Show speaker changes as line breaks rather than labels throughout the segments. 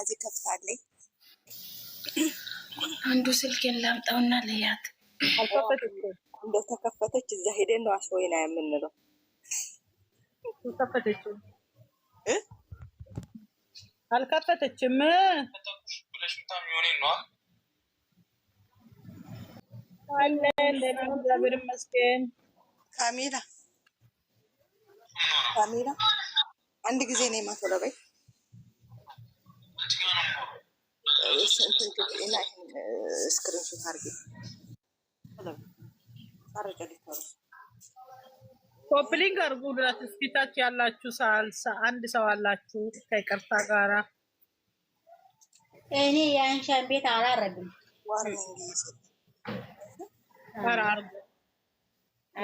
አዋዜ ከፍታለች።
አንዱ ስልኬን ላምጣውና ልያት
እንደው ተከፈተች። እዛ ሄደን ነው አስወይና የምንለው።
አልከፈተችም አልከፈተችም። እግዚአብሔር
ካሜራ ካሜራ አንድ ጊዜ ነው የማትወለው እና ይህን ስክሪንሾት
አድርጌ ኮፕሊንግ ድረስ እስኪ ታች ያላችሁ ሳልሳ አንድ ሰው አላችሁ ከይቅርታ ጋራ
እኔ የአንሻን ቤት አላረግም።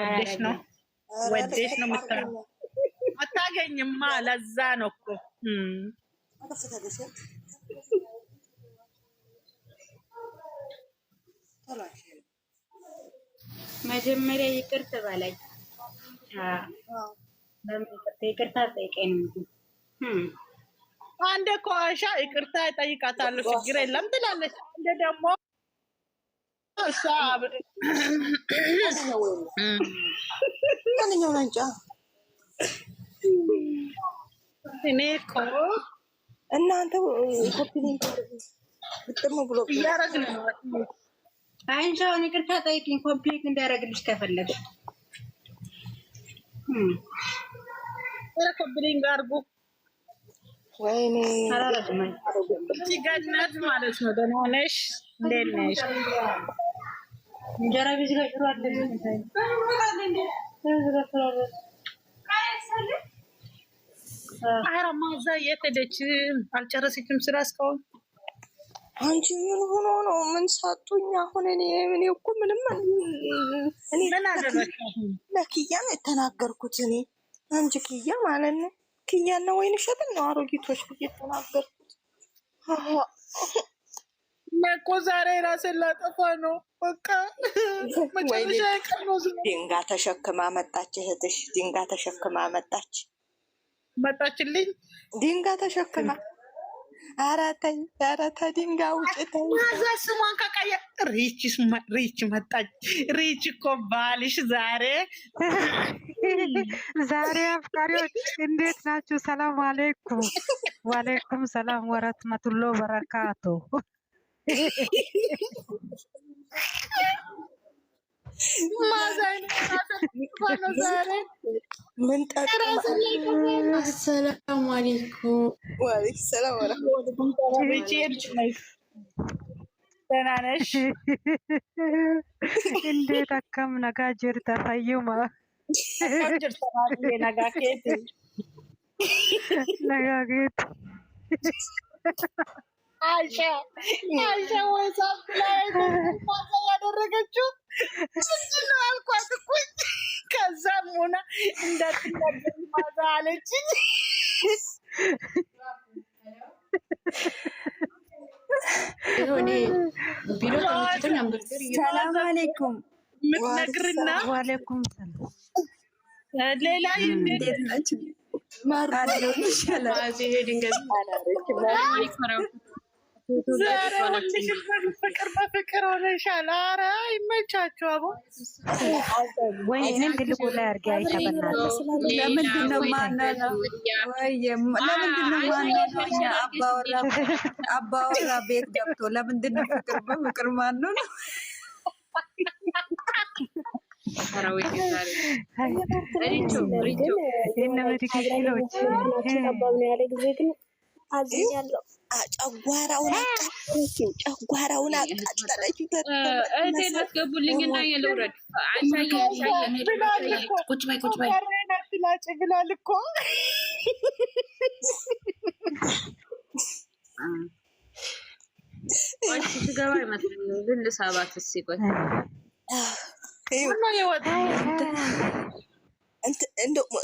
ወዴሽ ነው ወዴሽ ነው አታገኝማ። ለዛ ነው እኮ
መጀመሪያ ይቅርታ በላይ ይቅርታ ጠይቀኝ ነው።
አንዴ ይቅርታ እጠይቃታለሁ ችግር የለም ትላለች። አንዴ ደግሞ ማንኛው ናንጫ እኔ እኮ
እናንተ ኮፒ ብሎ
እያረግን ነው
አንሻውን ይቅርታ ጠይቂኝ፣ ኮምፕሊት እንዲያደርግልሽ ከፈለግሽ
ረከብልኝ ጋርጉ
ወይኔ
ማለት ነው።
ደህና ነሽ? እንዴት ነሽ?
እንጀራ ቤት ጋር ሽሮ አለ።
ኧረ ማዛ የት ሄደች? አልጨረሰችም ስራ እስካሁን
አንቺ ምን ሆኖ ነው? ምን ሳጡኝ? አሁን እኔ እኔ እኮ ምንም ነው የተናገርኩት እኔ አንቺ ክያ ማለት ነው ክያና ወይን ሸጥን ነው አሮጊቶች ተናገርኩት
እኮ ዛሬ ራሴን ላጠፋ ነው። በቃ መጨረሻ ቀኖ
ድንጋይ ተሸክማ መጣች። እህትሽ ድንጋይ ተሸክማ መጣች
መጣችልኝ
ድንጋይ ተሸክማ ኧረ ተይ፣ ኧረ ተይ፣ ውጭ ተይ።
ማዛ ስሟን ከቀየ ሪች መጣች። ሪች እኮ ባልሽ ዛሬ ዛሬ አፍቃሪዎች እንዴት ናችሁ? ሰላም አሌይኩም። ዋሌይኩም ሰላም ወረትመቱሎ በረካቶ
አሰላሙ አለይኩም።
ደህና ነሽ?
እንዴት ነጋ ጅርተ
አልሻ አልሻ ወይሳብ ላይ ማዛ ያደረገችው ምንድን ነው አልኳት እኮ። ከዛም ሆና እንዳትናገር ማዛ አለችኝ።
ሰላም አለይኩም ምትነግርና ዋለይኩም ሌላ እንዴት ናቸው?
ማርዶ ይሻላል ድንገት
ፍቅር በፍቅር ሆነሻል። ኧረ ይመቻችሁ።
አቦ ወይ እኔም ግልቁ ላይ አድርጌ አባወራ ቤት ገብቶ ለምንድን ነው ፍቅር በፍቅር ማነው ነው? ሰራዊት ዛሬ ጨጓራውን አቃጠለችው። ጨጓራውን አቃጠለችው።
አስገቡልኝ እና የለውረድ
ቁጭ በይ ቁጭ በይ ስገባ
ይመስለኛል።
ግን እስኪ ቆይ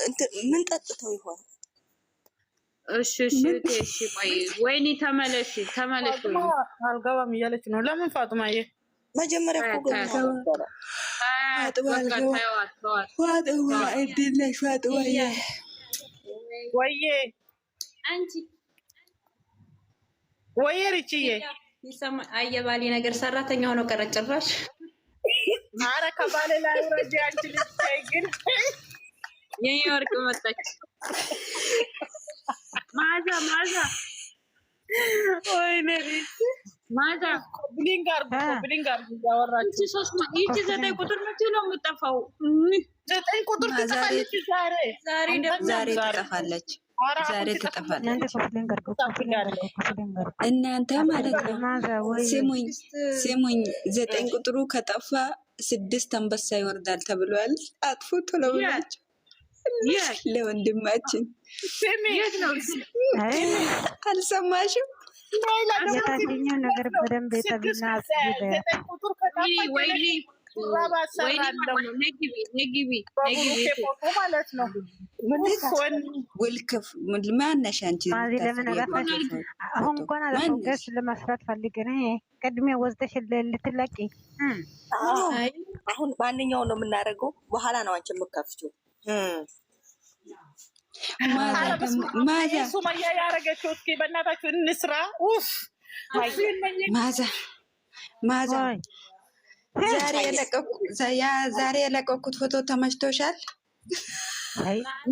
ምን ጠጥተው ይሆን እሺ እሺ፣ ቆይ ወይኔ፣ ተመለሽ ተመለሽ።
አልገባም እያለች ነው። ለምን ፋጡማዬ?
መጀመሪያ እኮ ርችዬ አየባሌ ነገር ሰራተኛ ሆኖ ቀረ ጭራሽ።
ኧረ ከባሌ ላይ አንቺ ልጅ
ግን መጣች
ማዛ ማዛ ወይኔ ማዛ ኮብሊንግ አርጉ ኮብሊንግ አርጉ።
ሶስት ይቺ ዘጠኝ ቁጥር መቼ ነው የምጠፋው?
ዘጠኝ ቁጥር ትጠፋለች። ዛሬ
ዛሬ ደግሞ ዛሬ ትጠፋለች። ዛሬ ትጠፋለች። እናንተ ማለት ነው። ስሙኝ ስሙኝ፣ ዘጠኝ ቁጥሩ ከጠፋ ስድስት አንበሳ ይወርዳል ተብሏል። አጥፉ ቶሎ ብላችሁ ለወንድማችን አልሰማሽም?
የታችኛው ነገር በደንብ የተብና ለመስራት ቅድሚያ ወስደሽ ልትለቂ።
አሁን ማንኛው ነው የምናደርገው? በኋላ ነው አንቺ የምከፍችው
ሱመያ ያረገችው እስኪ በእናታችሁ እንስራ።
ማዛ ማዛ ዛሬ የለቀኩት ፎቶ ተመችቶሻል?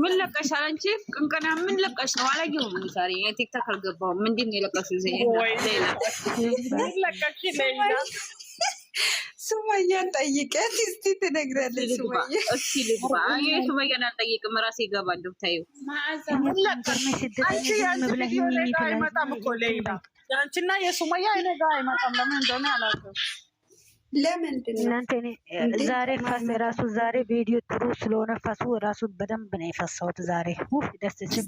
ምን ለቀሻል? አንቺ ቅንቅና ምን ለቀሽ ነው? አላየሁም። ዛሬ ቲክታክ አልገባሁም። ምንድን ነው የለቀሽው? ዜና ምን ለቀሽ?
ሱመያን ጠይቀት እስቲ ትነግራለች። ሱመያ
እስቲ ልግባ። አይ ሱመያን አልጠይቅም ራሴ እገባለሁ። ታዩ አይመጣም እኮ ሌላ አንቺና የሱመያ ነገ አይመጣም። ለምን እንደሆነ አላውቅም። እናንተ ዛሬ ፈስ ራሱ ዛሬ ቪዲዮ ጥሩ ስለሆነ ፈሱ ራሱ በደንብ ነው የፈሳሁት ዛሬ ደስ ችም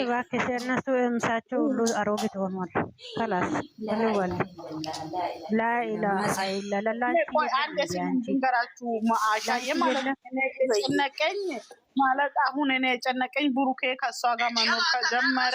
እባክሽ እነሱ እምሳቸው ሁሉ አሮጊት ሆኗል። ከላስ ብለዋል። ላኢላ ላላንገራችሁ ጨነቀኝ ማለት አሁን እኔ የጨነቀኝ ብሩኬ ከእሷ ጋር መኖር ከጀመረ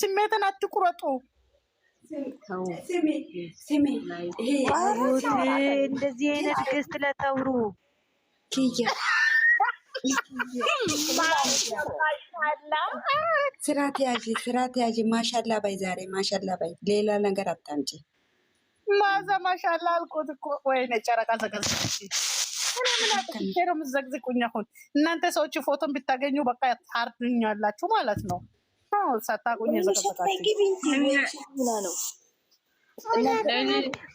ስሜትን አትቁረጡ። እንደዚህ አይነት ግስት ለተውሩ
ስራ ያዥ ስራ ያዥ። ማሻላ ባይ ዛሬ ማሻላ ባይ፣ ሌላ ነገር አታምጪ።
ማዛ ማሻላ አልኩት እኮ ወይ ጨረቃ ዘቀዘቀች። ምናምን ነው አሁን እናንተ ሰዎች ፎቶን ብታገኙ በቃ ታርዱኛላችሁ ማለት ነው። ሳታውቁኝ ነው።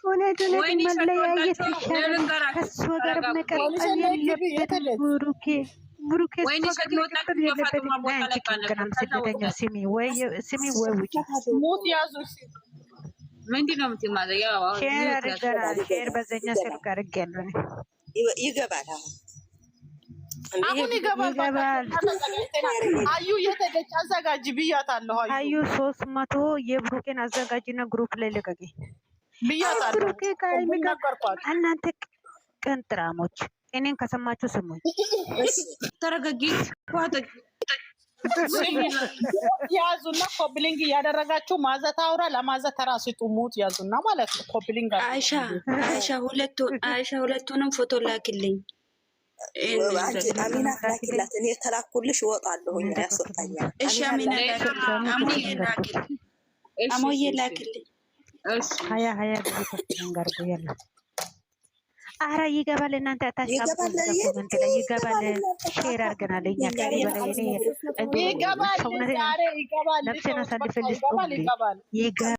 እውነቱን መለያየት ይሻላል። ከእሱ ጋር መቀጠል የለበትም ብሩኬ ብሩኬ መቀጠል የለበትም። አንቺ ችግር ስደተኛ ስሚ ወይ ስሚ ወይ ውጭ
ምንድን ነው የምትማዘው?
ሼር አድርገናል። ሼር በዘኛ ስልክ አድርጌያለሁ ይገባል አሁን አሁን ይገባል አዩ የተደች አዘጋጅ ብያታለሁ። አዩ ሶስት መቶ የብሩኬን አዘጋጅና ግሩፕ ላይ ልቀቂ ብያታለሁ። እናንተ ቀንጥራሞች እኔን ከሰማችሁ ስሙኝ፣ ተረጋጊ ያዙና ኮብሊንግ እያደረጋችሁ ማዘት አውራ ለማዘት ራሱ ጡሙት ያዙና ማለት ነው። ኮብሊንግ
አይሻ ሁለቱንም ፎቶ ላክልኝ አሚና ላኪላት። እኔ የተላኩልሽ እወጣለሁኝ ያስወጣኛል። አረ
ይገባል። እናንተ አታሳቡን። ይገባል። ሼር አድርገናል። እኛ ከዚህ በላይ እኔ ይገባል